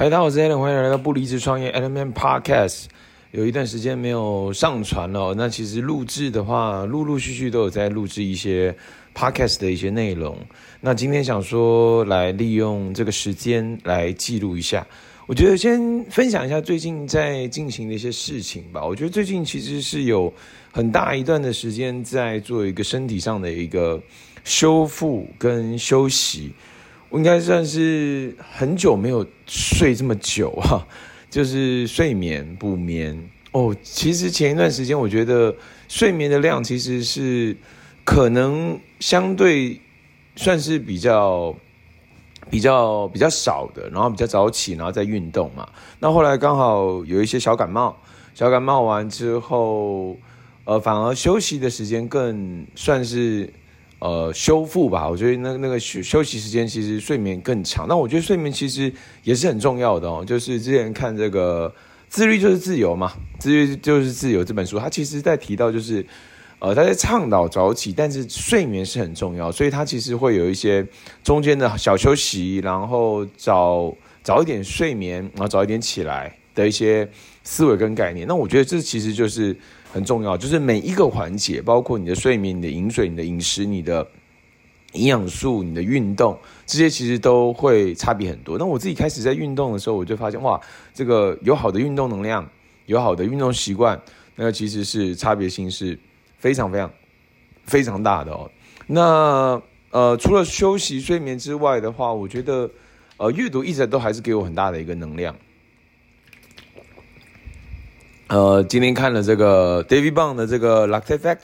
嗨，大家好，我是 Allen，歡迎來到不離職創業 Element Podcast。有一段時間沒有上傳了，那其實錄製的話，陸陸續續都有在錄製一些 Podcast 的一些內容。那今天想說來利用這個時間來記錄一下，我覺得先分享一下最近在進行的一些事情吧。我覺得最近其實是有很大一段的時間在做一個身體上的一個修復跟休息。我應該算是很久沒有睡這麼久哈、啊，就是睡眠補眠哦。其實前一段時間我覺得睡眠的量其實是可能相對算是比較比較比較少的，然後比較早起，然後再運動嘛。那後來剛好有一些小感冒，小感冒完之後，呃，反而休息的時間更算是。呃，修復吧，我覺得那那個休休息時間其實睡眠更長。那我覺得睡眠其實也是很重要的哦。就是之前看這個《自律就是自由》嘛，《自律就是自由》這本書，它其實在提到就是，呃，他在倡導早起，但是睡眠是很重要，所以他其實會有一些中間的小休息，然後早早一點睡眠，然後早一點起來的一些思維跟概念。那我覺得這其實就是。很重要，就是每一個環節，包括你的睡眠、你的飲水、你的飲食、你的營養素、你的運動，這些其實都會差別很多。那我自己開始在運動的時候，我就發現，哇，這個有好的運動能量，有好的運動習慣，那個其實是差別性是非常非常非常大的哦。那呃，除了休息、睡眠之外的話，我覺得呃，閱讀一直都還是給我很大的一個能量。呃，今天看了這個 David b o w 的這個《Lucky Factor》，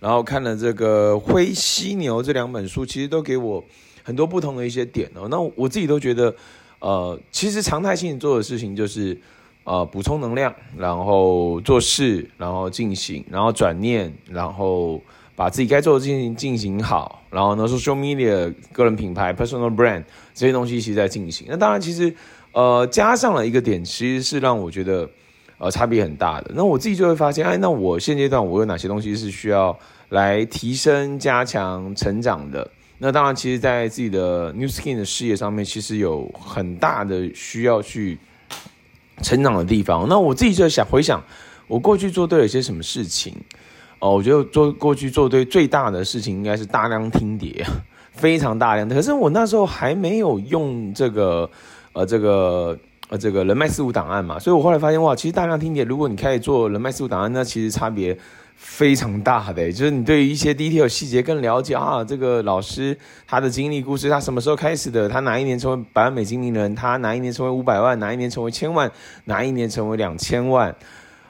然後看了這個《灰犀牛》這兩本書，其實都給我很多不同的一些點哦。那我，我自己都覺得，呃，其實常態性做的事情就是，呃，補充能量，然後做事，然後進行，然後轉念，然後把自己該做的事情進行好，然後呢，social media、個人品牌 （personal brand） 這些東西其實在進行。那當然，其實，呃，加上了一個點，其實是讓我覺得。呃，差別很大的。那我自己就會發現，哎，那我現階段我有哪些東西是需要來提升、加強、成長的？那當然，其實，在自己的 New Skin 的事業上面，其實有很大的需要去成長的地方。那我自己就想回想，我過去做對了一些什麼事情？哦、呃，我覺得做過去做對最大的事情，應該是大量聽諜，非常大量的。可是我那時候還沒有用這個，呃，這個。呃，這個人脈四五檔案嘛，所以我後來發現哇，其實大量聽諜，如果你開始做人脈四五檔案，那其實差別非常大的，就是你對於一些 detail 細節更了解啊。這個老師他的經歷故事，他什麼時候開始的？他哪一年成為百萬美金名人？他哪一年成為五百萬？哪一年成為千萬？哪一年成為兩千萬？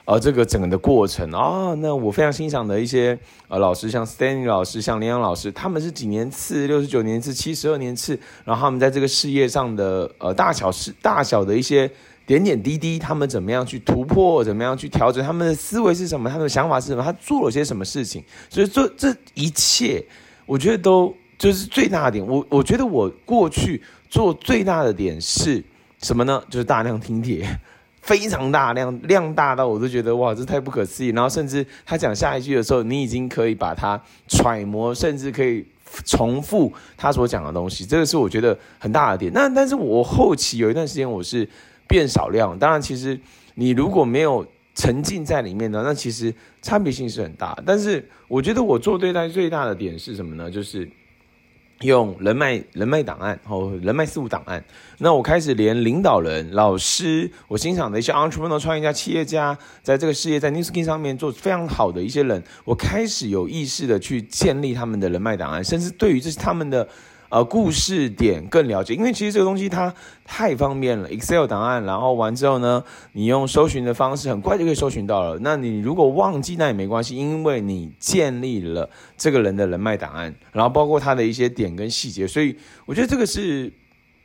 而、呃、這個整個的過程啊、哦，那我非常欣賞的一些呃老師，像 Stanley 老師，像林陽老師，他們是幾年次？六十九年次，七十二年次，然後他們在這個事業上的呃大小大小的一些點點滴滴，他們怎麼樣去突破，怎麼樣去調整，他們的思維是什麼，他們的想法是什麼，他做了些什麼事情，所以這一切，我覺得都就是最大的點。我我覺得我過去做最大的點是什麼呢？就是大量聽碟。非常大量，量大到我都覺得哇，這太不可思議。然後甚至他講下一句的時候，你已經可以把它揣摩，甚至可以重複他所講的東西。這個是我覺得很大的點。那但是我後期有一段時間我是變少量，當然其實你如果沒有沉浸在裡面呢，那其實差別性是很大。但是我覺得我做對待最大的點是什麼呢？就是。用人脈人脈檔案，人脈事務檔案。那我開始連領導人、老師，我欣賞的一些 entrepreneur 創業家、企業家，在這個事業在 newskin 上面做非常好的一些人，我開始有意識的去建立他們的人脈檔案，甚至對於這是他們的，呃，故事點更了解，因為其實這個東西它太方便了，Excel 檔案，然後完之後呢，你用搜尋的方式，很快就可以搜尋到了。那你如果忘記，那也沒關係，因為你建立了這個人的人脈檔案，然後包括他的一些點跟細節，所以我覺得這個是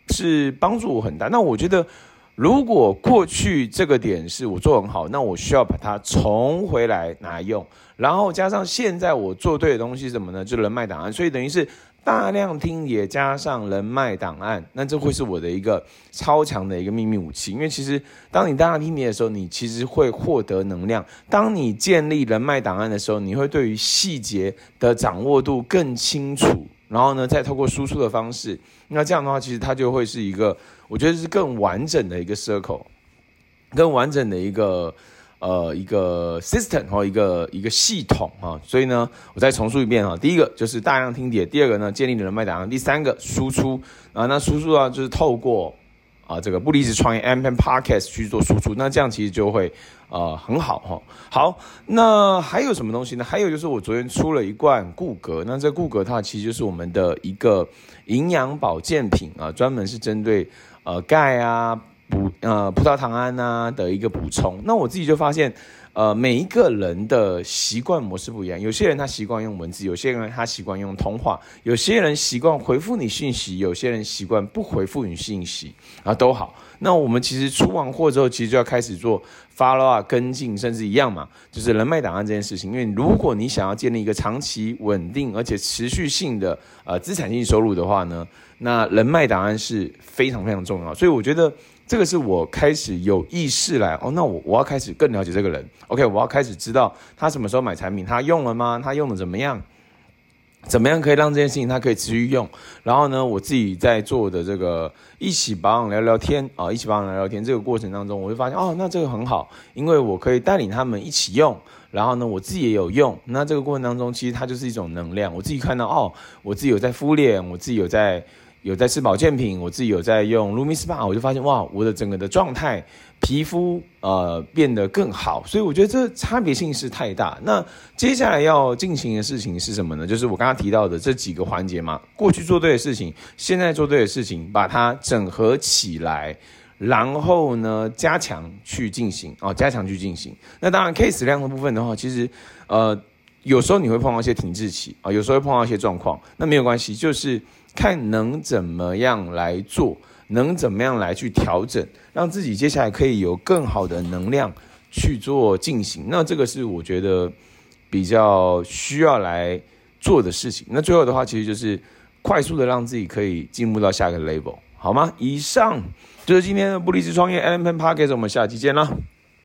是幫助我很大。那我覺得，如果過去這個點是我做得很好，那我需要把它重回來拿來用，然後加上現在我做對的東西什麼呢？就人脈檔案，所以等於是。大量聽諜加上人脈檔案，那這會是我的一個超強的一個秘密武器。因為其實當你大量聽諜的時候，你其實會獲得能量；當你建立人脈檔案的時候，你會對於細節的掌握度更清楚。然後呢，再透過輸出的方式，那這樣的話，其實它就會是一個，我覺得是更完整的一個 circle，更完整的一個。呃，一個 system 或一個一個系統，啊、所以呢，我再重述一遍，啊、第一個就是大量聽碟，第二個呢，建立人脈檔案，第三個輸出啊，那輸出啊，就是透過啊這個不離職創業 Allen Peng Podcast 去做輸出，那這樣其實就會啊、呃，很好哈、哦。好，那還有什麼東西呢？還有就是我昨天出了一罐固格，那這個固格它其實就是我們的一個營養保健品啊，專門是針對呃鈣啊。補呃葡萄糖胺吶的一個補充，那我自己就發現，呃每一個人的習慣模式不一樣，有些人他習慣用文字，有些人他習慣用通話，有些人習慣回復你信息，有些人習慣不回復你信息啊都好。那我們其實出完貨之後，其實就要開始做 follow up 跟進，甚至一樣嘛，就是人脈檔案這件事情。因爲如果你想要建立一個長期穩定而且持續性的呃資產性收入的話呢，那人脈檔案是非常非常重要，所以我覺得。這個是我開始有意識來哦，那我我要開始更了解這個人。OK，我要開始知道他什麼時候買產品，他用了嗎？他用的怎麼樣？怎麼樣可以讓這件事情他可以持續用？然後呢，我自己在做的這個一起保養聊聊天啊、哦，一起保養聊聊天這個過程當中，我會發現哦，那這個很好，因為我可以帶領他們一起用。然後呢，我自己也有用。那這個過程當中，其實它就是一種能量。我自己看到哦，我自己有在敷臉，我自己有在，有在吃保健品，我自己有在用 LumiSpa，我就發現哇，我的整個的狀態、皮膚呃變得更好，所以我覺得這差別性是太大。那接下來要進行的事情是什麼呢？就是我剛剛提到的這幾個環節嘛，過去做對的事情，現在做對的事情，把它整合起來，然後呢，加強去進行哦，加強去進行。那當然 case 量的部分的話，其實呃。有時候你會碰到一些停滯期，有時候會碰到一些狀況，那沒有關係，就是看能怎麼樣來做，能怎麼樣來去調整，讓自己接下來可以有更好的能量去做進行。那這個是我覺得比較需要來做的事情。那最後的話，其實就是快速的讓自己可以進入到下一個 level，好嗎？以上就是今天的不離職創業 M p e n package，我們下期見啦。